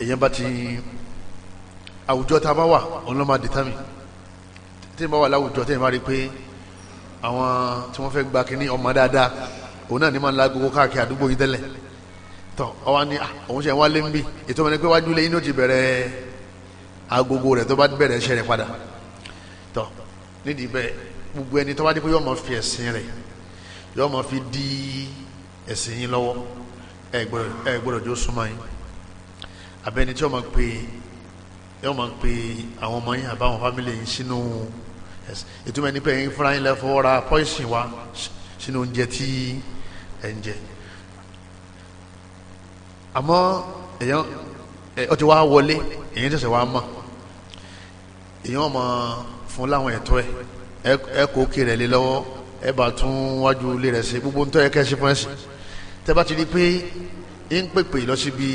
èyàn bá ti àwùjọ tá a bá wà òun ló máa dìtámì tí n bá wà láwùjọ tí n bá rí pé àwọn tí wọ́n fẹ́ gba kínní ọmọ dáadáa òun náà ní máa ń la gbogbo káàkiri àdúgbò yìí tẹ́lẹ̀ tọ́ ọwọ́ ni ah, òun ṣe ń wálé ń bì ètò ọmọdé pé wájú lẹ́yìn ló ti bẹ̀rẹ̀ agogo rẹ̀ tó bá bẹ̀rẹ̀ iṣẹ́ rẹ̀ padà tọ́ nídìí bẹ́ẹ̀ gbogbo ẹni tó bá dé pé yọ́ọ́ mọ̀ fi ẹ̀sìn rẹ̀ yọ́ọ́ mọ̀ fi dí ẹ̀sìn yín lọ́wọ́ ẹ gbọ́dọ̀ ẹ gbọ́dọ̀ jó súnmọ́ yín abẹni tí wọ́n máa pe yọ́n máa pe àwọn ọmọ yín àbáwọn fámìlì yín sínú ìtumọ̀ ẹni pé ẹ̀yin fúnra yín lẹ́fọ́ ra pọ́ìsì wa sínú oúnjẹ tí ẹ̀ ń jẹ àmọ́ èèyàn ọ ti wá wọlé èèyàn ṣẹ̀ṣẹ̀ wá mọ̀ èèyàn mọ̀ fún láwọn ẹ̀tọ́ ẹ̀ ẹ̀ kó kí rẹ̀ lé lọ́wọ́ ẹ̀ bá tún wájú ilé rẹ̀ ṣe gbogbo ń tọ́ ẹ̀ kẹ́ ṣe fún ẹ̀ sí tẹ́ bá ti rí pé ń pèpè lọ síbi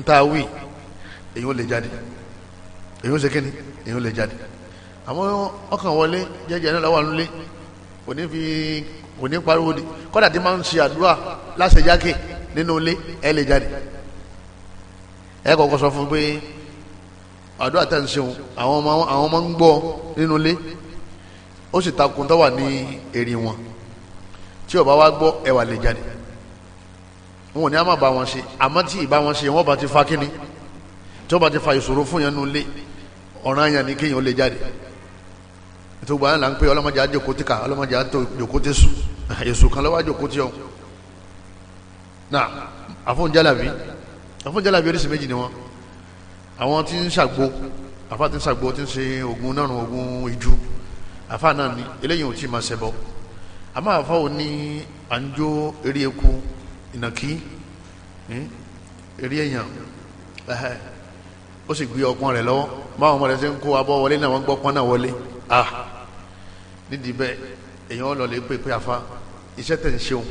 ntaawi èyí ò lè jáde èyí ò ṣe kíni èyí ò lè jáde àmọ́ ọkàn wọlé jẹ́jẹ́ náà lọ́wọ́ nílé kò ní fi kò ní pariwo di kọ́dà tí máa ń ṣe àdúrà láṣẹjáke nínú ilé ẹ lè jáde ẹ kọ́kọ́ sọ fún pé àdúrà tẹ̀ ń ṣeun àwọn ọmọ àwọn ọmọ ń gbọ́ nínú ilé ó sì takùn tó wà ní èrè wọn tí ó bá gbọ́ ẹ wà lè jáde wọn ò ní a máa bá wọn ṣe àmọ́ tí ì bá wọn ṣe wọn bá ti fa kínní tí wọn bá ti fa ìṣòro fún yẹn nulẹ̀ ọ̀ràn yẹn ni kéèyàn ó lè jáde ètò ìgbà yẹn là ń pè ọlọ́mọdé àjòkótì ká ọlọ́mọdé àjòkótì sùn èso kan lọ́wọ́ àjòkótì ọ̀hún náà àfọ̀njálàbí àfọ̀njálàbí oríṣi méjì ni wọn àwọn tí ń ṣàgbo àfa tí ń ṣàgbo tí ń ṣe oògùn náà oògùn ìjú àfa náà ni eléyìí ò tí ì máa ṣẹbọ ìnàkí hmm, eré èèyàn ó sì gbé ọpọ́n rẹ̀ lọ́wọ́ báwọn ọmọ rẹ̀ ṣe ń kó abọ́ wọlé náà wọ́n gbọ́ pọ́n náà wọlé ah nídìí bẹ́ẹ̀ èèyàn lọ lè pè pé àfa iṣẹ́ tẹ̀ ń ṣeun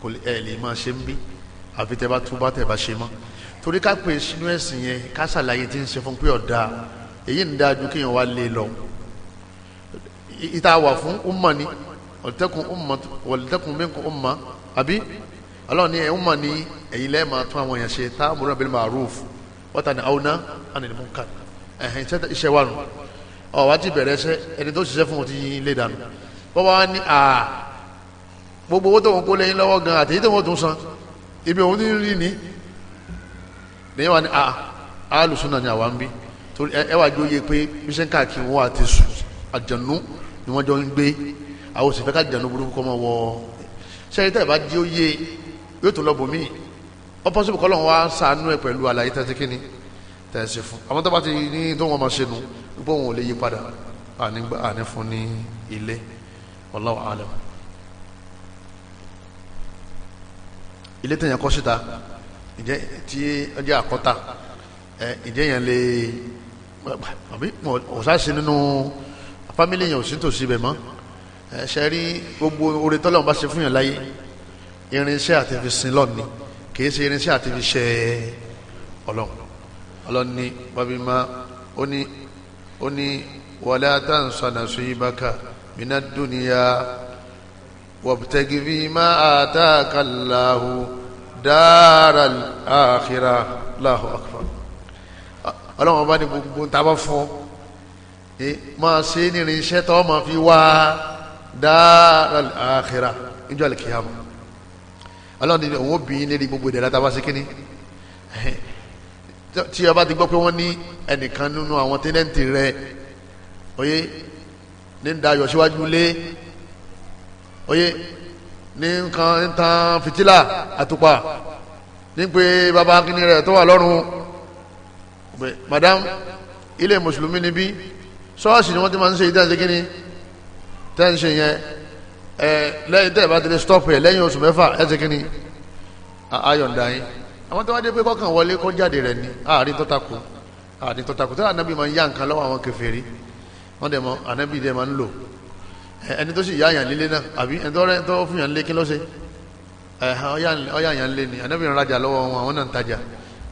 kò ẹ̀ lè máa ṣe ń bí àfi tẹ́ bá tún bá tẹ́ bá ṣe mọ́ torí ká pè sínú ẹ̀sìn yẹn ká ṣàlàyé tí ń ṣe fún pé ọ̀dà èyí ń dáa ju kéèyàn wá lé lọ ìta wà fún umma ni ọ̀lẹ́tẹ̀kùn umma ọ̀lẹ́tẹ̀kùn mẹ́kùn umma àbí ọlọ́run ní ẹ̀hún mọ̀ ní ẹ̀yin lẹ́ẹ̀ máa tún àwọn èèyàn ṣe tá àmúrò bil ma'ruf wa tan'awna 'anil munkar ẹ̀hìn iṣẹ́ wa nù ọ̀ wá ti bẹ̀rẹ̀ ṣẹ́ ẹni tó ṣiṣẹ́ fún òtí ilé dànù bọ́ wá ní à gbogbo owó tó ń kó lẹ́yìn lọ́wọ́ gan àtẹ̀yí tó ń tún san ibi òun rí ni lẹ́yìn wa ní à alùsùn náà ni àwa ń bí torí ẹ wà jó yẹ pé bíṣẹ́ káàkiri wọn àti sùn àjànú ni yóò tún lọ bò míì ọpọsibù wa sànú ẹ pẹ̀lú àlàyé tẹ́tí kínní tẹ̀sí fún àwọn tó bá ti ní tó wọn máa ṣe nu gbogbo wọn ò lè yí padà àní fún ní ilé wallahu alam ilé tẹ̀yàn kọ́ síta ìjẹ́ tí ọjọ́ àkọ́ta ìjẹ́ yẹn lè àbí ọ̀sáṣe nínú fámìlì yẹn ò sí tòsí bẹ̀ mọ́ ṣe rí gbogbo oore tọ́lọ́run bá ṣe fún yàn láyé irinṣẹ́ àti fi sin lọ́ni kìí ṣe irinṣẹ́ àti fi ṣe ọlọ́run ọlọ́run ní babima ó ní ó ní wala tansa nasibaka minad dunya wabtagi fima ataka Allahu daral akhirah Allahu akbar ọlọ́run ọba ní gbogbo ń tabọ́ fún ẹ máa ṣe ní irinṣẹ́ tó máa fi wá daral akhirah níjọ́ àlùkìyàmù ọlọ́run ní òun ó bí yín lérí gbogbo ìdẹ̀ra tá a bá ṣe kínní tí a bá ti gbọ́ pé wọ́n ní ẹnìkan nínú àwọn tẹ́lẹ̀ǹtì rẹ oyé ní ń da ayọ̀ síwájú lé oyé ní nǹkan ń tan fìtílà àtùpà ní pé baba kínní rẹ tó wà lọ́rùn madam ilé mùsùlùmí níbí ṣọ́ọ̀ṣì ni wọ́n ti máa ń ṣe ìdáǹṣe kínní tẹ́ǹṣe yẹn ẹ lẹ́yìn tẹ́ ẹ bá ti lè stop ẹ lẹ́yìn oṣù mẹ́fà ẹ ṣe kíni ayọ̀ǹda yín àwọn tó wá dé pé kọ́kàn wọlé kọ́ jáde rẹ̀ ni àárín tó takò àárín tó takò tẹ́lẹ̀ anábì máa ń yá nǹkan lọ́wọ́ àwọn kèfèrí wọ́n dẹ̀ mọ́ anábì dẹ̀ máa ń lò ẹni tó sì yá àyàn lílé náà àbí ẹni tó rẹ̀ tó fún yàn lé kí lọ́sẹ̀ ọ̀yà àyàn lé ni anábì ń rajà lọ́wọ́ wọn àwọn náà ń tajà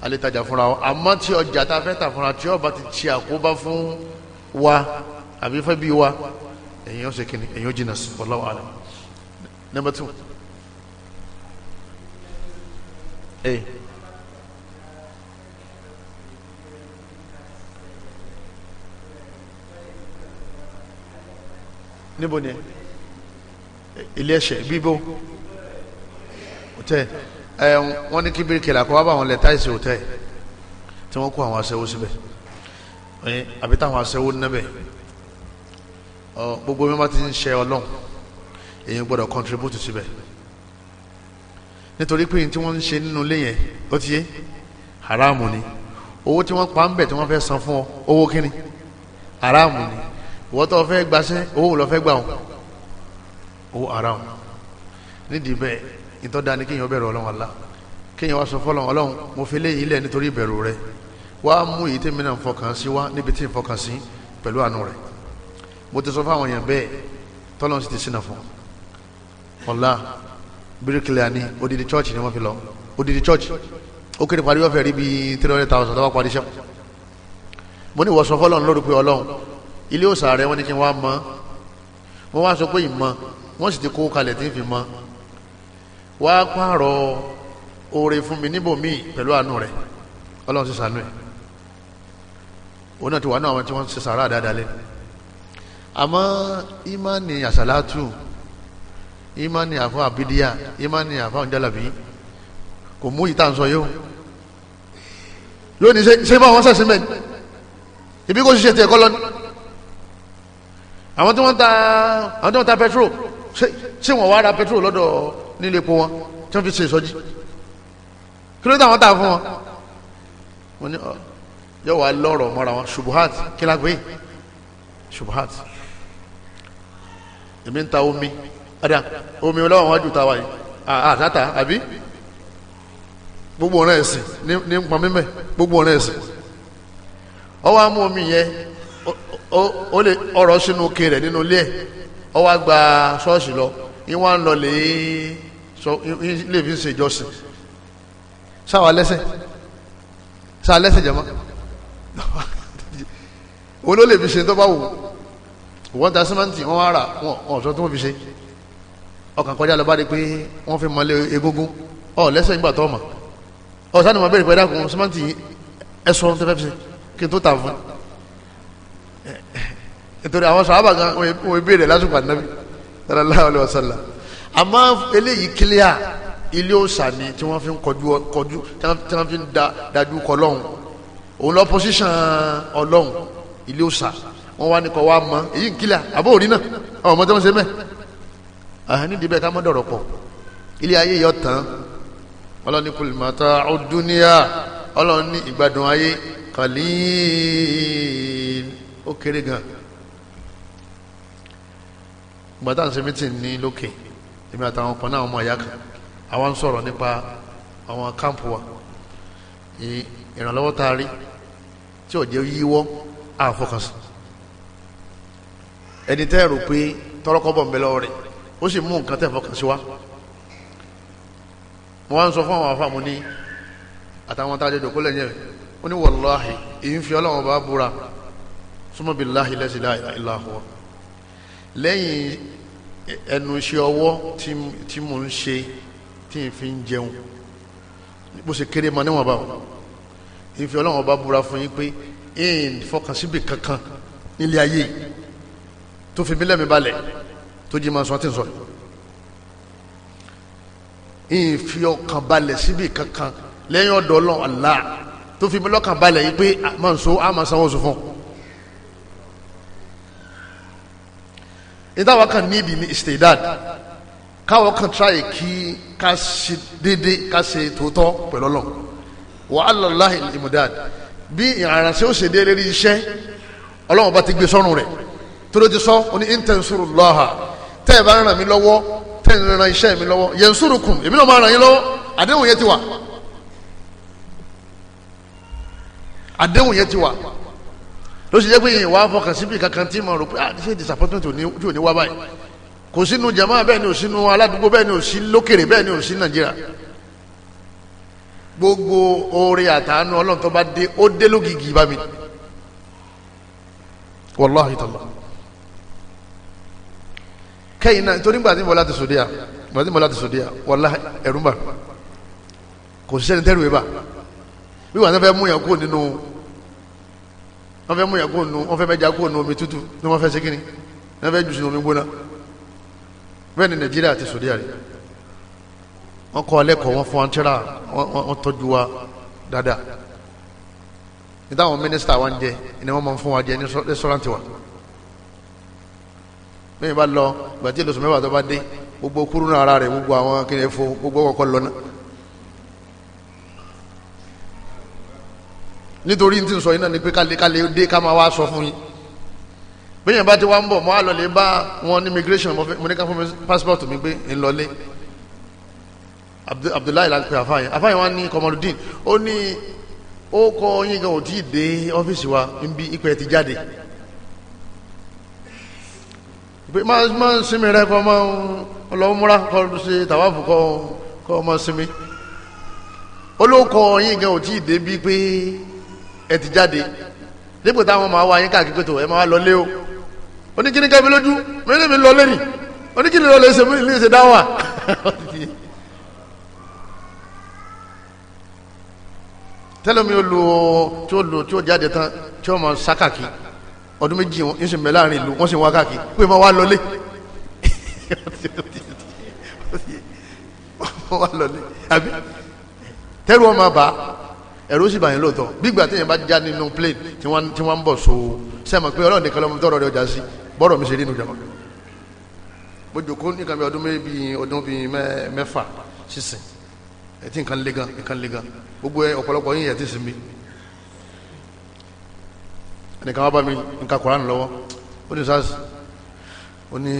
alẹ́ tajà fúnra wọn àmọ́ tí ọjà tá a fẹ́ tà fúnra tí ọba ti ṣe àkóbá fún wa àbí fẹ́ bí wa èyí ó ṣe kíni èyí ó jìnnà sí wallahu alam Number two. Hey. níbo ni ilé ẹsẹ bíbó òtẹ ẹ wọn ní kí bíríkìlà kọ wá bá àwọn lẹ́tà ìsìn òtẹ tí wọn kó àwọn aṣẹ́wó síbẹ̀ ẹ àbí táwọn aṣẹ́wó níbẹ̀ ọ gbogbo mi bá ti ń ṣe Ọlọ́run èyí gbọ́dọ̀ contribute síbẹ̀ nítorí pé tí wọ́n ń ṣe nínú ilé yẹn ó ti yé haramu ni owó tí wọ́n pa ń bẹ̀ tí wọ́n fẹ́ san fún ọ owó kíni haramu ni ìwọ́n tó fẹ́ gbaṣẹ́ owó lọ fẹ́ gbà wọn owó haramu nídìí bẹ́ẹ̀ ìtọ́da ni kéèyàn bẹ̀rù ọlọ́run Allah kéèyàn wá sọ fọlọ́run ọlọ́run mo fi lé ilẹ̀ nítorí ìbẹ̀rù rẹ wá mú èyí tèmi náà fọkàn sí wá níbi tí ń fọkàn sí pẹ̀lú àánú rẹ mo ti sọ fáwọn èèyàn bẹ́ẹ̀ tọ́lọ́run sì ti sínà fún un ọ̀la bíríkìlìà ni odidi church ni wọ́n fi lọ odidi church ó kéré parí wọ́n fẹ́ rí bíi three hundred thousand lọ́wọ́ parí sẹ́kù mo ní ìwọ̀sán fọlọ́run lórí pé ọlọ́run ilé òòsà rẹ wọ́n ní kí n wá mọ́ wọ́n wá sọ pé ìmọ̀ wọ́n sì ti kó kalẹ̀ tí ń fi mọ́ wá pààrọ̀ oore fún mi níbòmíì pẹ̀lú àánú rẹ̀ ọlọ́run sì sànú ẹ̀ òun náà ti wà náà àwọn tí wọ́n ti sàrà dáadáa lẹ́nu àmọ́ ìmánì àsàlátù imani àfa abidiya imani àfa ọ̀njálàbí kò mú ìta nsọ yóò yóò ní ṣe bá wọn sẹ̀sìn bẹ́ẹ̀ ibi kò ṣiṣẹ́ tiẹ̀ kọ́ lọ́ni àwọn tí wọ́n ta àwọn tí wọ́n ta petrol ṣé wọ́n wá ra petrol lọ́dọ̀ nílé epo wọn tí wọ́n fi ṣe ìsọjí kí ló dé àwọn tá a fún wọn wọn ni yóò wá lọ́rọ̀ mọ́ra wọn subuhat kí lágbé subuhat èmi ń ta omi àdá omi ọlọ́wọ́n wájú tàwa yìí àtàtà àbí gbogbo ọ̀rẹ́ ẹ̀sìn ní nǹkan mímẹ́ gbogbo ọ̀rẹ́ ẹ̀sìn ọwọ́ amú omi yẹn ó lè ọ̀rọ̀ sínú ke rẹ̀ nínú ilé ẹ̀ ọwọ́ gba ṣọ́ọ̀ṣì lọ ìwọ́n ń lọ lè lè fi ṣe ìjọsìn sáwà lẹ́sẹ̀ sáà lẹ́sẹ̀ jẹ́ mọ́ olólè fi ṣe tó bá wù wọ́n ta símẹ́ǹtì wọ́n wá rà wọ́n ọ̀ṣọ́ tó wọ́n fi ṣe ọkàn kọjá lọ bá rí pé wọ́n fi mọ́lé egungun ọ lẹ́sẹ̀ nígbà tó mọ̀ ọ sani mo bẹ̀rẹ̀ pé dákun símẹ́ǹtì ẹ̀sọ́ tẹ́fẹ́ fi kí n tó tà fún nítorí àwọn sàábà gan wọ́n béèrè lásìkò ànábì sallallahu alayhi wa sallam àmọ́ eléyìí kílíà ilé òòsà ni tí wọ́n fi ń kọjú kọjú tí wọ́n fi ń dájú kọ lọ́hùn òun lọ pọ́síṣàn ọlọ́hùn ilé òòsà wọ́n wá ní kọ́ wá mọ́ èyí kílíà àbó òrí náà àwọn ọmọ tó ń ṣe mẹ́ẹ̀ àhàn nídìí bẹ́ẹ̀ ká mọ́ dọ̀rọ̀ pọ̀ ilé ayé yọ tán ọlọ́ni kùlùmọ́tà ọdúnìyà ọlọ́ni ìgbádùn ayé kàlíìn ó kéré gan gbàtà ń ní lókè èmi àtàwọn kan náà ọmọ ìyá kan àwọn ń sọ̀rọ̀ nípa àwọn kámpù wa ìrànlọ́wọ́ tá a rí tí ò jẹ́ yíwọ́ àfọkànsìn ẹni tẹ́ rò pé tọ́rọ́kọ́ bọ̀ ń bẹ lọ́wọ́ rẹ̀ ó sì mú nǹkan tẹ́ fọkàn sí wa mo wá ń sọ fún àwọn afáàmù ní àtàwọn tá a jẹ jòkó lẹ́yìn rẹ̀ ó ní wàláhì èyí ń fi ọlọ́run bá búra súnmọ́ bí láhì lẹ́sìn láìláhùwà lẹ́yìn ẹnu iṣẹ́ ọwọ́ tí mo ń ṣe tí n fi ń jẹun bó ṣe kéré ma níwọ̀n bá wọn ìfi ọlọ́run ọba búra fún yín pé ẹ̀ẹ́n fọkàn síbi kankan nílé ayé tó fi mí lẹ́mìí balẹ̀ tó jí máa sọ àti sọ yìí ìfi ọkàn balẹ̀ síbi kankan lẹ́yìn ọ̀dọ̀ ọlọ́run Allah tó fi lọ́kàn balẹ̀ yìí pé ah, máa ń so á máa sanwó sọ fún un. kan níbi ní istidad káwọ́ kan tíráyè kí ká ṣe dédé ká ṣe tòótọ́ pẹ̀lú ọlọ́run wa ala Allahi al-imdad bí ìrànṣẹ́ ó ṣe dé lérí iṣẹ́ ọlọ́run bá ti gbé sọ́run rẹ̀ tó ló ti sọ ó ní in tẹ́ ẹ bá ràn mí lọ́wọ́ tẹ́ ẹ ràn iṣẹ́ mi lọ́wọ́ yansurukum èmi náà máa ràn yín lọ́wọ́ àdéhùn yẹn ti wà àdéhùn yẹn ti wà ló jẹ́ pé yìnyín wà á fọkàn síbi kankan tí mo rò pé ah ṣé disappointment tí ò ní wá báyìí kò sínú jama bẹ́ẹ̀ ni ò sínú aládùúgbò bẹ́ẹ̀ ni ò sí lókèrè bẹ́ẹ̀ ni ò sí nàìjíríà gbogbo oore àtàánú ọlọ́run bá dé ó dé lógìgì bá mi wàláhi tàlá kẹ́yìn náà torí gbà tí mo láti sòdíà gbà tí mo láti sòdíà wàlá ẹ̀rú bà kò sẹ́ni tẹ́rù ẹ̀ bà bí wàá fẹ́ mú yàn kó nínú wọ́n fẹ́ mú yàn kó nínú wọ́n fẹ́ mẹ́ja kó nínú omi tútù ní wọ́n fẹ́ ṣe kíni wọ́n fẹ́ jù sínú omi gbóná bẹ́ẹ̀ ni Nàìjíríà àti sòdíà rẹ̀ wọ́n kọ́ alẹ́kọ̀ọ́ wọ́n fún antẹ́rà wọ́n tọ́jú wa dáadáa nítawọn mínísítà wa ń jẹ ni wọ́n máa ń fún wa jẹ ní rẹ́sọ́rántì wa bẹ́ẹ̀ bá lọ ìgbà tí lóṣù mẹ́fà tó bá dé gbogbo kúrú náà ara rẹ̀ gbogbo àwọn kìnìún fo gbogbo kọ̀ọ̀kọ́ lọ náà. nítorí tí n sọ yín náà ni pé kálíkálí dé ká máa wá sọ fún yín bẹ́ẹ̀ bá ti wá ń bọ̀ mọ́ àlọ́lẹ̀ bá wọn ní immigration mo ní ká fún mi passport mi pé ń lọlé Abdullahi la ń pè àfáàyàn àfáàyàn wa ní Kọmọlùdín ó ní ó kọ yín gan ò tí ì dé ọ́fíìsì wa ń bí ipò ẹ̀ ti jáde pé máa ń sinmi rẹ kọ́ máa ń lọ múra kọ́ ṣe tàwáfù kọ́ kọ́ máa sinmi olóko yín gan ò tí ì débi pé ẹ ti jáde dípò táwọn máa wá yín káàkiri pé tó ẹ máa lọ lé o oníkíní kẹ́mi lójú mẹ́rin mi lọ lẹ́rìn oníkíní lọ lè ṣe mí lè ṣe dáwà tẹ́lẹ̀ mi ò lò ó tí ó lò tí ó jáde tán tí ó máa sákàkiri ọdún méjì wọn yóò sì mẹ́ láàrin ìlú wọ́n sì wá káàkiri pé wọ́n wá lọlé wọ́n wá lọlé àbí tẹ́rù wọn máa bá ẹ̀rù sì bàyẹn lóòótọ́ bígbà téèyàn bá já nínú plane tí wọ́n tí wọ́n ń bọ̀ so sẹ́mọ̀ pé ọlọ́run nìkan lọ́mọ tọ́rọ̀ rẹ ọjà sí bọ́rọ̀ mi ṣe rí nu jàmọ́ mo jòkó nìkan bí ọdún bíi ọdún bíi mẹ́fà sísìn ẹ̀ tí nǹkan lé gan nǹkan lé gan gbogbo ọ̀pọ̀lọpọ̀ yín yẹn ti sinmi ẹnìkan wá bá mi nǹkan koran lọ́wọ́ ó ní sars ó ní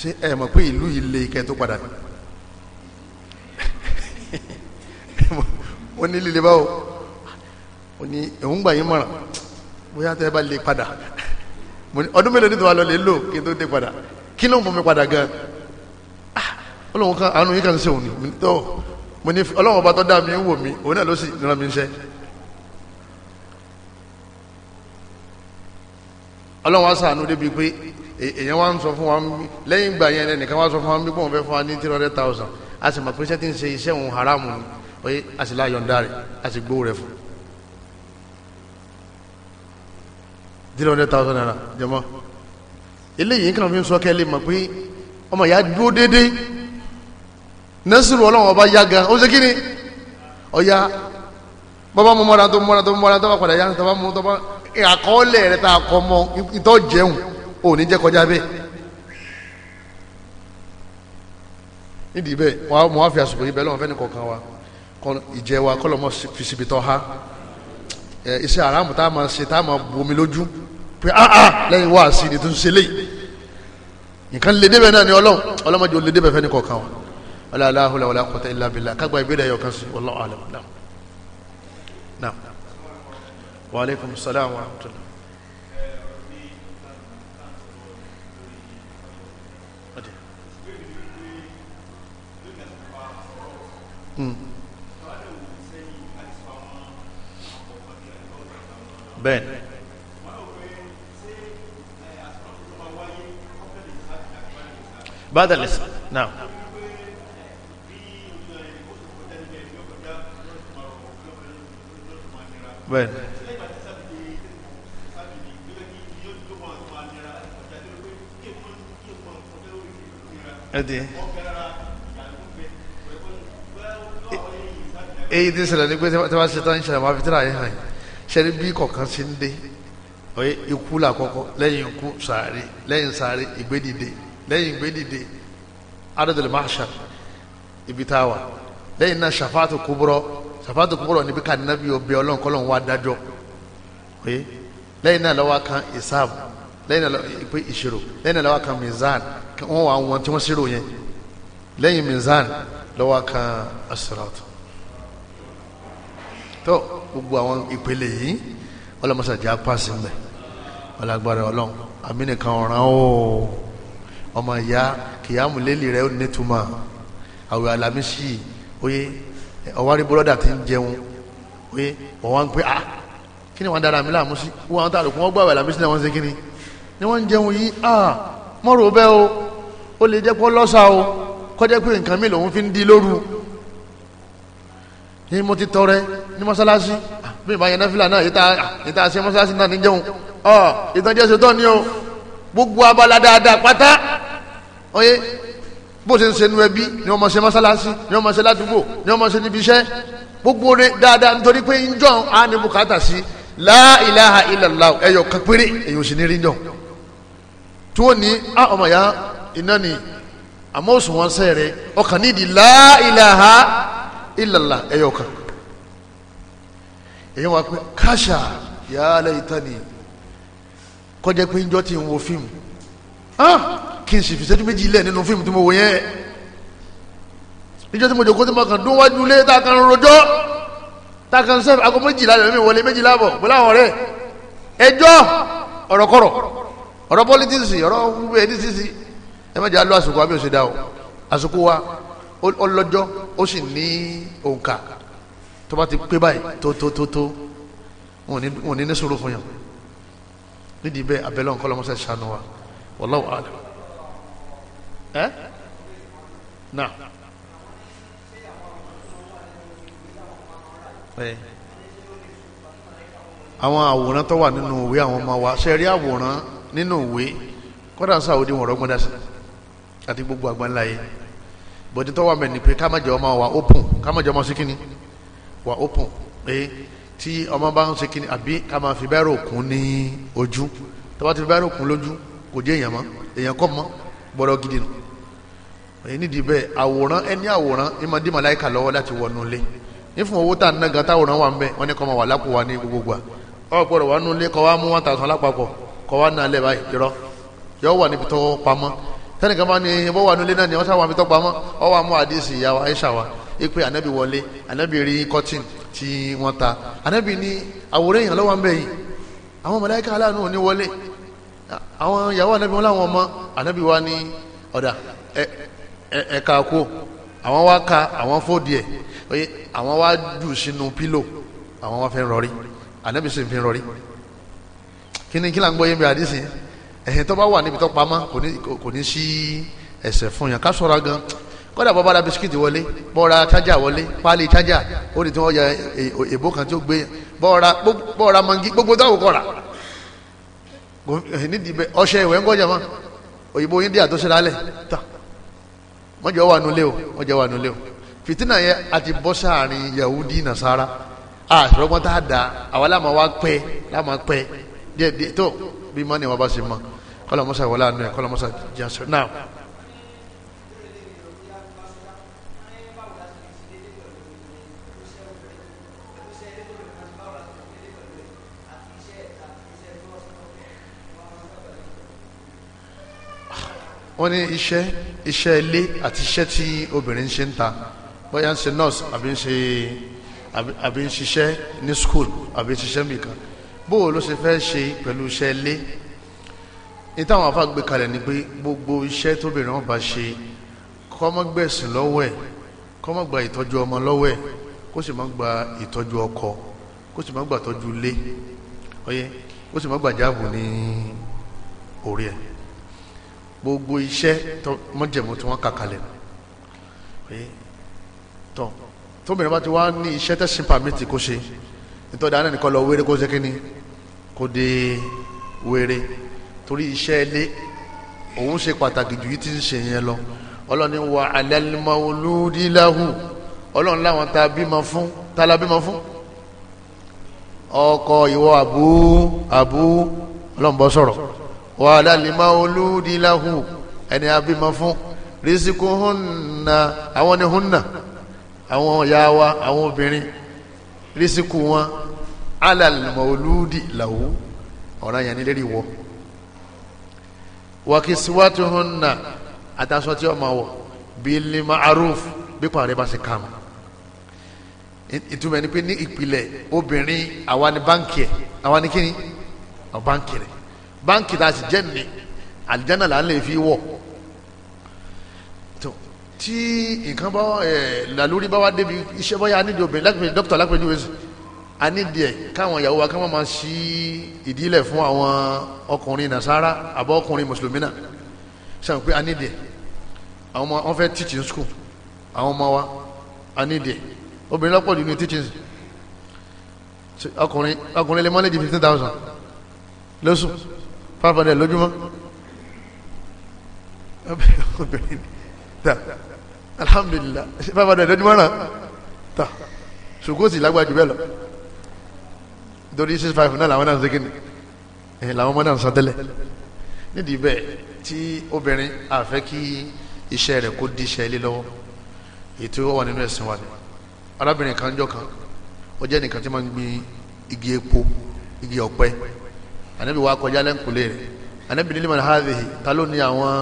ṣé ẹ mọ̀ pé ìlú yìí le kẹ́ tó padà ní ó ní líle báwo ó ní òun gbà yín mọ̀ràn bóyá tẹ́ bá lè padà ọdún mélòó ní tó wà lọ lè lò kí n tó dé padà kí ló ń bọ̀ mi padà gan ó ah, kan àánú yín kan ń ṣe òun ni tó mo ní ọlọ́wọ́n ọba tó dá mi ń wò mí òun náà ló sì rán mi ń ṣe. ọlọ́run wá sànú débi pé èèyàn wá ń sọ fún wa lẹ́yìn ìgbà yẹn ẹnìkan wá sọ fún wa bí wọ́n fẹ́ fún wa ní three hundred thousand a sì mọ̀ pé iṣẹ́ tí ń ṣe iṣẹ́ òun haramu ni oye a sì láyọ̀ǹda rẹ̀ a sì gbowó rẹ̀ fún. three hundred thousand naira jọmọ eléyìí kan fi ń sọ kẹ́lẹ́ mọ̀ pé ọmọ ìyá dúró déédéé nẹ́sìrò ọlọ́run ọba yá gan ó ṣe kí ni ọ̀ya bàbá mu mọ́ra tó mọ́ra tó mọ́ra tó bá padà yá tó bá mu tó bá àkọọ́lẹ̀ rẹ tá a kọ mọ ìtọ́ jẹun ò ní jẹ́ kọjá bẹ́ẹ̀ nídìí bẹ́ẹ̀ wàá mọ̀ wá fi àsìkò yìí bẹ́ẹ̀ lọ́wọ́ fẹ́ni kọ̀ọ̀kan wa ìjẹ́ wa kọ́ lọ́mọ fi síbi tọ́ ha iṣẹ́ àràmù tá a máa ṣe tá a máa bomi lójú pé ah ah lẹ́yìn wá sí ni tó ń ṣe léyìí nǹkan lè débẹ̀ náà ni ọlọ́run ọlọ́mọdé ò lè débẹ̀ fẹ́ni kọ̀ọ̀kan wa ọlọ́ọ̀lá hùlà wàlá kọ́tà ìlà bìlà kágbá ìbéèrè ayọ̀ kan sí wallahu a'lam náà wa alaikum salaam wa rahmatullah hmm. bẹ́ẹ̀ ni bada lisa now bẹ́ẹ̀ ni. ẹdí èyí tí ṣẹlẹ̀ ní pé tí wọ́n ṣe tán ṣẹlẹ̀ wọ́n fi tíra yẹn hàn ṣẹlẹ̀ bí kọ̀ọ̀kan sí ń dé oye ikú la kọ́kọ́ lẹ́yìn ikú sàárè lẹ́yìn sàárè ìgbédìde lẹ́yìn ìgbédìde adadul mahshar ibi tá a wà lẹ́yìn náà ṣàfàtù kúbúrọ ṣàfàtù kúbúrọ níbi ká nàbí ọbẹ Ọlọ́run kọlọrun wà dájọ́ oye lẹ́yìn náà lọ́wọ́ kan ìsáàbù lẹ́yìn náà lọ́wọ́ ìṣirò lẹ́yìn náà lọ́wọ́ kan mizan wọ́n wà wọn tí wọ́n ṣèrò yẹn lẹ́yìn mizan lọ́wọ́ kan asirat tó gbogbo àwọn ìpele yìí ọlọ́mọṣàjà pàṣẹ mẹ́ ọlágbára ọlọ́run àmínìkan ọ̀ràn ó ọmọ ìyá kìyàmù lélì rẹ̀ ó nítumọ̀ àwẹ̀ alámísì oyè ọ̀wárí bọ́lọ́dà ti ń jẹun oyè ọ̀wá ń pẹ́ ah kí ni wọ́n dára mi láàmú sí wọ́n àwọn tá a lò kún wọ́n náà wọ́n ṣe kí ni ni wọ́n ń jẹun yìí ah mọ́rò bẹ́ẹ̀ o ó lè jẹ́ pé lọ́sà o kọjá pé nǹkan mi lòun fi ń di lóru ni mo ti tọrẹ ní mọ́sálásí ah, bí ìbá yẹn náfìlà náà ìta ah, ìta ṣe mọ́sálásí náà níjẹun ọ ìtànjẹ ṣetán ni o gbogbo abala dáadáa pátá oye bó ṣe ń ṣe nu ẹbí ni wọ́n mọ̀ ṣe mọ́sálásí ni wọ́n mọ̀ ṣe ládùúgbò ni wọ́n mọ̀ ṣe níbi iṣẹ́ gbogbo rẹ dáadáa nítorí pé njọ́ á ní bùkátà sí la ilaha illallah ẹ̀yọ̀ kan péré èyí sì ní rí njọ́ tí wọ́n ní ah, ọmọ ya iná ni àmọ́ òsùn wọn sẹ́ rẹ ọkàn nídìí la ilaha illallah ẹ̀yọ̀ kan èyí wá pé káṣà ya laitani kọjá pé njọ́ ti ń wo fíìmù ah! kí n sì fi sẹ́jú méjì lẹ̀ nínú fíìmù tí mo wò yẹn níjọ́ tí mo jòkó tí mo kàn dún wájú lé tá a kan rojọ́ tá a kan sẹ́fẹ̀ aago méjìlá rẹ̀ mi wọlé méjìlá bọ̀ pẹ̀lú àwọn ọ̀rẹ́ ẹjọ́ ọ̀rọ̀kọ̀rọ̀ ọ̀rọ̀ politics ọ̀rọ̀ ẹ̀dísísì ẹ má jẹ́ alọ́ àsìkò àbí òṣèdá o àsìkò wa ọlọ́jọ́ ó sì ní òǹkà tó bá ti pé báyìí tó tó tó tó wọn ò ní ní sòrò fún yàn nídìí bẹ́ẹ̀ abẹ́lẹ́ ọ̀nkọ́ lọ́mọ́sẹ̀ ṣàánú wa wallahu a'lam ẹ́ náà. àwọn àwòrán tó wà nínú ìwé àwọn ọmọ wa ṣe rí àwòrán nínú ìwé kọ́dà sáà ó di wọ̀n sí àti gbogbo àgbáńlá yìí bọ̀dé tó wà mẹ́ ni pé kámájọ ọmọ wa open kámájọ ọmọ síkíní wa open pé tí ọmọ bá ń síkíní àbí ká máa fi bẹ́rẹ̀ òkun ní ojú tó bá ti fi bẹ́rẹ̀ òkun lójú kò jẹ́ èèyàn mọ́ èèyàn kọ́ mọ́ gbọ́dọ̀ gidi nù nídìí bẹ́ẹ̀ àwòrán ẹni àwòrán ìmọ̀dé màláìka lọ́wọ́ láti wọnú ilé nífún owó tá à ń nàgà táwòrán wà ń bẹ wọn ní kọ́ máa wà lápò wa ní gbogbo tẹnikan bá ní ẹyìn bó wà nílé náà ni wọn sábà fi tọpa mọ ọwọ àmú àdìsí ìyàwó Aisha wa ipe anabi wọlé anabi rí cotton tí wọn ta anabi ní àwòrán èèyàn lọ́wọ́ nbẹ yìí àwọn màláíkà aláàánú ò ní wọlé àwọn ìyàwó anabi wọn làwọn ọmọ anabi wa ní ọ̀dà ẹ̀ka kú àwọn wa ka àwọn fò díẹ̀ oye àwọn wa jù sínú pílò àwọn wa fẹ́ rọrí anabi sì fi rọrí kí kí là ń gbọ́ yẹn bí àdìsí yẹn ẹ̀hìn tó bá wà níbi tó pamọ́ kò ní sí ẹsẹ̀ fún yàn ká ṣọ́ra gan kódà bọ́ bára bisikíìtì wọlé bọ́ọ̀ra chájà wọlé páálí chájà ó ní tí wọ́n ya e, e, èbó kan tí ó gbé yàn bọ́ọ̀ra mangi gbogbo dáwò kọ́ra nídìí bẹ ọṣẹ ìwẹ̀ ń gọ́jà mọ́ òyìnbó yín dí àtúnṣe lálẹ́ tà wọ́n jẹ́ wà nulẹ̀ o wọ́n jẹ́ wà nulẹ̀ o fìtínà yẹn àti bọ́ sáàrin Yahudi Nasara àṣọ̀rọ̀gbọ́n tá a dà àwa láàmú wa pẹ́ láàmú pẹ́ díẹ̀ díẹ̀ tó bí mọ́ni wọn bá ṣe mọ́ kọlọmọsá ìwọlá àánú ẹ kọlọmọsá jẹnsẹ náà. wọ́n ní iṣẹ́ iṣẹ́ ilé àti iṣẹ́ tí obìnrin ń ṣe ń ta bóyá ń ṣe nurse àbí ń ṣe àbí ń ṣiṣẹ́ ní school àbí ń ṣiṣẹ́ mìkan bóò ló ṣe fẹ́ ṣe pẹ̀lú iṣẹ́ ilé ní táwọn afa gbé kalẹ̀ ni pé gbogbo iṣẹ́ tóbìnrin wọn bá ṣe kọ́mọ́gbẹ̀sìn lọ́wọ́ ẹ̀ kọ́mọ́gba ìtọ́jú ọmọ lọ́wọ́ ẹ̀ kó sì má gba ìtọ́jú ọkọ kó sì má gba ìtọ́jú ilé ọyẹ kó sì má gba jáàbù ní orí ẹ̀ gbogbo iṣẹ́ mọ́jẹ̀mú tí wọ́n kà kalẹ̀ tọ́ tóbìnrin bá ti wá ní iṣẹ́ tẹ̀sìn pàmìtì kó ṣe nítorí àná nìkan lọ wéré kó ṣe kí ni kó dé wéré torí iṣẹ́ ilé òun ṣe pàtàkì jù yìí ti ń ṣe yẹn lọ ọlọ́run wa alal mawludi lahu ọlọ́run láwọn tá a bímọ fún tá a la bímọ fún ọkọ ìwọ àbú àbú ọlọ́run bọ́ sọ̀rọ̀ wa alal mawludi lahu ẹni a bímọ fún rìsíkù hunna àwọn ni hunna àwọn ìyá wa àwọn obìnrin rìsíkù wọn alal mawludi lahu ọ̀ràn yẹn ní lérí wọ wakisiwatuhunna àtàṣọ tí ọmọ wọ bíi ma'aruf bí pàrọ̀ bá ṣe kàmù ìtumọ̀ ni pé ní ìpìlẹ̀ obìnrin àwa ni báńkì ẹ̀ àwa ni kíni ọ̀ báńkì rẹ̀ báńkì tá a sì ni àlìjáná là ń fi wọ̀ tó tí nǹkan bá ẹ̀ làlórí bá wá débi iṣẹ́ bóyá nídìí obìnrin lápẹ̀jù dókítà lápẹ̀jù wẹ̀sùn a ní díẹ̀ káwọn ìyàwó wa ká máa ṣí ìdílẹ̀ fún àwọn ọkùnrin nasara àbọ̀ ọkùnrin mùsùlùmí náà sàn pé a ní díẹ̀ àwọn ọmọ wọn fẹ́ teaching school àwọn ọmọ wa a ní díẹ̀ obìnrin lọ́pọ̀ jù ní teaching ọkùnrin ọkùnrin lè mọ́lẹ́dì fifteen thousand lóṣù five hundred lójúmọ́ obìnrin ta alhamdulilah five hundred lójúmọ́ náà ta ṣùgbọ́n sì lágbájú lọ torí six five náà làwọn náà ń segin ẹ làwọn ọmọ náà ń san tẹ́lẹ̀ nídìí bẹ́ẹ̀ tí obìnrin àfẹ́ kí iṣẹ́ rẹ̀ kó di iṣẹ́ ilé lọ́wọ́ ètò wà nínú ẹ̀sìn wa ni arábìnrin kan jọ kan ó jẹ́ nìkan tí máa ń gbin igi epo igi ọ̀pẹ ànábì wa kọjá lẹ́ǹkulé rẹ̀ ànábì nílẹ̀ mọ̀nà hàdìhì ta ló ní àwọn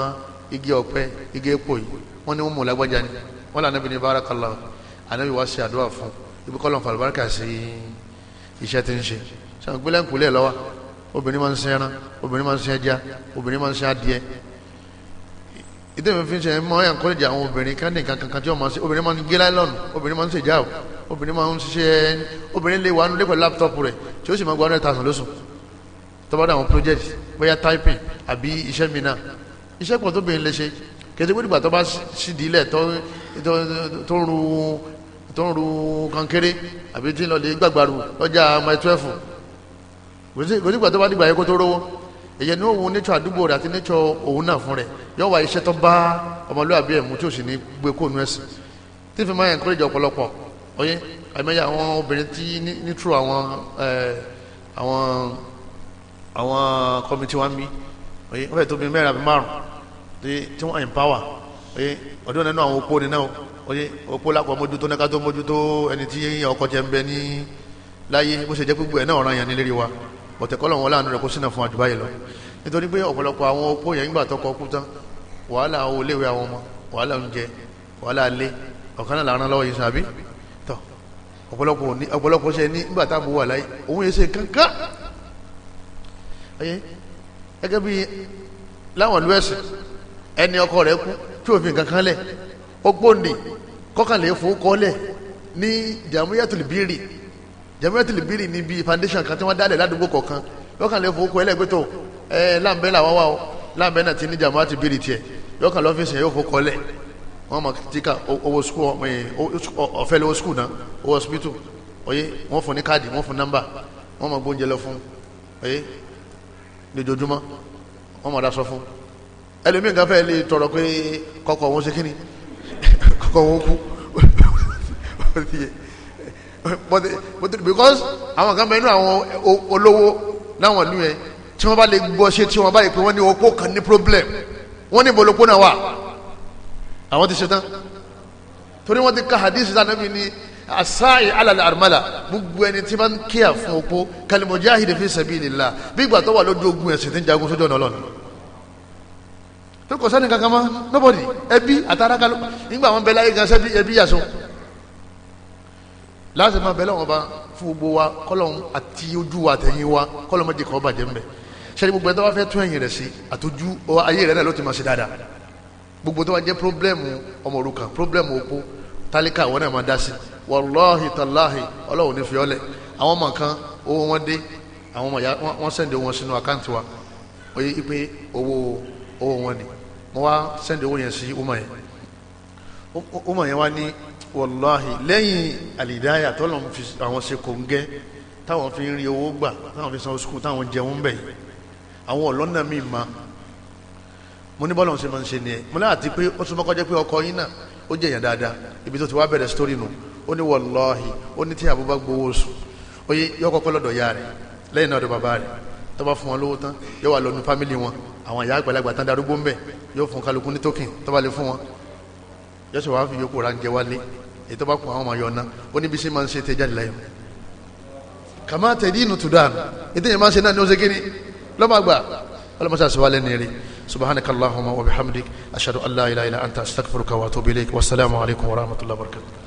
igi ọ̀pẹ igi epo yìí wọ́n ní wọ́n mú lágbájá ni wọ́n lànà bí ní barakallahu ànábì wa ṣe àdúrà fún ibi kọ́lọ̀ fàlùbáríkà sí i iṣẹ́ tí ń ṣe sàn gbélé ńkúlẹ̀ lọ́wọ́ obìnrin máa ń sin ẹran obìnrin máa ń sin ẹja obìnrin máa ń sin adìẹ ìdí mi fi ń ṣe ẹ máa ń encourage àwọn obìnrin kan ní nǹkan kankan tí wọ́n máa ń ṣe obìnrin máa ń gé láìlọ́nù obìnrin máa ń ṣèjà o obìnrin máa ń ṣiṣẹ́ obìnrin lè wà nílé pẹ̀lú láptọ́pù rẹ̀ tí ó sì máa gba hundred thousand lóṣù tó bá dá àwọn project bóyá typing àbí iṣẹ́ mi náà iṣẹ́ pọ̀ tóbi ń lè ṣe kẹ́tẹ́ pé ìgbà tó bá ṣídìí lẹ̀ tó ń ru tó ń ru kankéré àbí tí ń lọ lè gbàgbàrú lọ́jà mile twelve kò sígbà tó bá dìgbà yẹn kó tó rówó èyàn ní òun nítsọ àdúgbò rẹ àti nítsọ òun náà fún rẹ yóò wá iṣẹ́ tó bá ọmọlúwàbí ẹ̀ mú tí ò sì ní gbé kóònù ẹ̀sìn tí fi máa encourage ọ̀pọ̀lọpọ̀ oyé àmẹ́yà àwọn obìnrin tí ní true àwọn àwọn àwọn committee wa ń bí oyé wọ́n fẹ́ tóbi mẹ́rin àbí márùn-ún tí wọ́n empower oyé ọdún nínú àwọn opó ni náà oye opó lápò mójútó náà ká tó mójútó ẹni tí ọkọ jẹ ń bẹ ní láyé bó ṣe jẹ́ gbogbo ẹ̀ náà ọ̀ràn yẹn nílérí wa ọ̀tẹ̀kọ́ lọ́wọ́ láàánú rẹ̀ kó sínà fún àdúbáyé lọ nítorí pé ọ̀pọ̀lọpọ̀ àwọn opó yẹn nígbà tọkọ kú tán wàhálà owó léwe àwọn ọmọ wàhálà oúnjẹ wàhálà lé ọ̀kan náà làrán lọ́wọ́ yìí sàbí tọ̀ ọ̀pọ̀lọpọ̀ ṣe ní nígbà táàbù wà láyé òun yẹn ṣe kankan gẹ́gẹ́ bí láwọn ìlú ẹ̀sìn ẹni ọkọ rẹ̀ kú tí òfin kankan lẹ̀ ọgbọ́nì kọkànlẹ̀ fún kọ́lẹ̀ ní jamiyatul biri jamiyatul biri ní bíi foundation kan tí wọ́n dálẹ̀ ládùúgbò kọ̀ọ̀kan kọkànlẹ̀ fún kọ́lẹ̀ gbẹ́tọ̀ ẹ̀ láǹbẹ́ làwọn wà ó láǹbẹ́ náà ti ní jamiyatul biri tiẹ̀ yọkàn lọ́fíìsì yẹn yóò fún kọ́lẹ̀ wọ́n máa ti ka owó sukuu ọ̀fẹ́ lọ́wọ́ sukuu náà owó hospital oye wọ́n fún ní káàdì wọ́n fún nọ́mbà wọ́n máa gbóúnjẹ lọ fún oye lójoojúmọ́ wọ́n máa dasọ fún ẹlòmíì nǹkan fẹ́ẹ́ lè tọrọ pé kọ́kọ́ wọn ṣe kínni kọ́ wọn because àwọn kan bẹ inú àwọn olówó láwọn ìlú yẹn tí wọ́n bá lè gbọ́ ṣe tí wọ́n bá lè pè wọ́n ní opó kan ní problem wọ́n ní ìbòlòpó náà wà àwọn ti ṣetán torí wọ́n ti ka hadith sanabi ni asaayi alali armala gbogbo ẹni tí wọ́n kíyà fún opó kalimujahid fi sabilillah bí ìgbà wà lójú ogun ẹ̀sìn tí ń jagun sójú ọ̀nà ọlọ́run tó kò kankan mọ́ nobody ẹbí àtàràkàlù nígbà wọn bẹ̀lẹ́ ayé gan sẹ́bí ẹbí yàtọ̀ láti máa bẹ̀lẹ́ wọn bá fún gbogbo wa kọ́lọ́hún àti ojú wa àtẹ̀yìn wa kọ́lọ́hún méjì kan bàjẹ́ ńbẹ sẹ́ni gbogbo ẹni tó bá fẹ́ tún ẹ̀yìn rẹ̀ sí àtọ́jú ayé rẹ̀ náà ló ti máa ṣe dáadáa gbogbo tó bá jẹ́ pírọ́blẹ́mù ọmọ òrukàn pírọ́blẹ́mù opó tálíkà àwọn náà máa dá sí wàláhì tàláhì ọlọ́run ní fiọ́lẹ̀ àwọn ọmọ kan owó wọn dé mo wá sẹ́ndì owó yẹn sí ọmọ yẹn ọmọ yẹn wá ní wàláhì lẹ́yìn àlìdáyà tọ́lọ̀ fi àwọn ṣe kò ń gẹ́ táwọn fi ń rí owó gbà táwọn fi san sukùl táwọn jẹun bẹ̀ àwọn ọlọ́nà mi ma mo ní bọ́lá ṣe máa ń ṣe nìyẹn mo láà ti pé ó tún mọ́kọ́ jẹ́ pé ọkọ yín náà ó jẹ́ èèyàn dáadáa ibi tó ti wá bẹ̀rẹ̀ sítórì nù ó ní wàláhì ó ní tí àbúbá gbowó sùn ó yọkọ̀ pẹ́ lọ́dọ̀ ya tó bá fún wọn lówó tán yóò wà lọ́nu fámìlì wọn àwọn ìyá àgbàlagbà tán darúgbó ń bẹ̀ yóò fún kálukú ní tókìn tó bá lè fún wọn yóò ṣe wàá fi yòókù ra ń jẹ wálé èyí tó bá kún àwọn ọmọ yọ̀ ná ó níbi ṣe máa ń kàmá tẹ̀lé inú tó dáa ètò yẹn máa ṣe náà ní ó ṣe kéde ọlọ́mọṣà sọ wálé nìyẹn سبحانك اللهم وبحمدك أشهد أن لا إله إلا أنت أستغفرك وأتوب إليك والسلام عليكم ورحمة الله وبركاته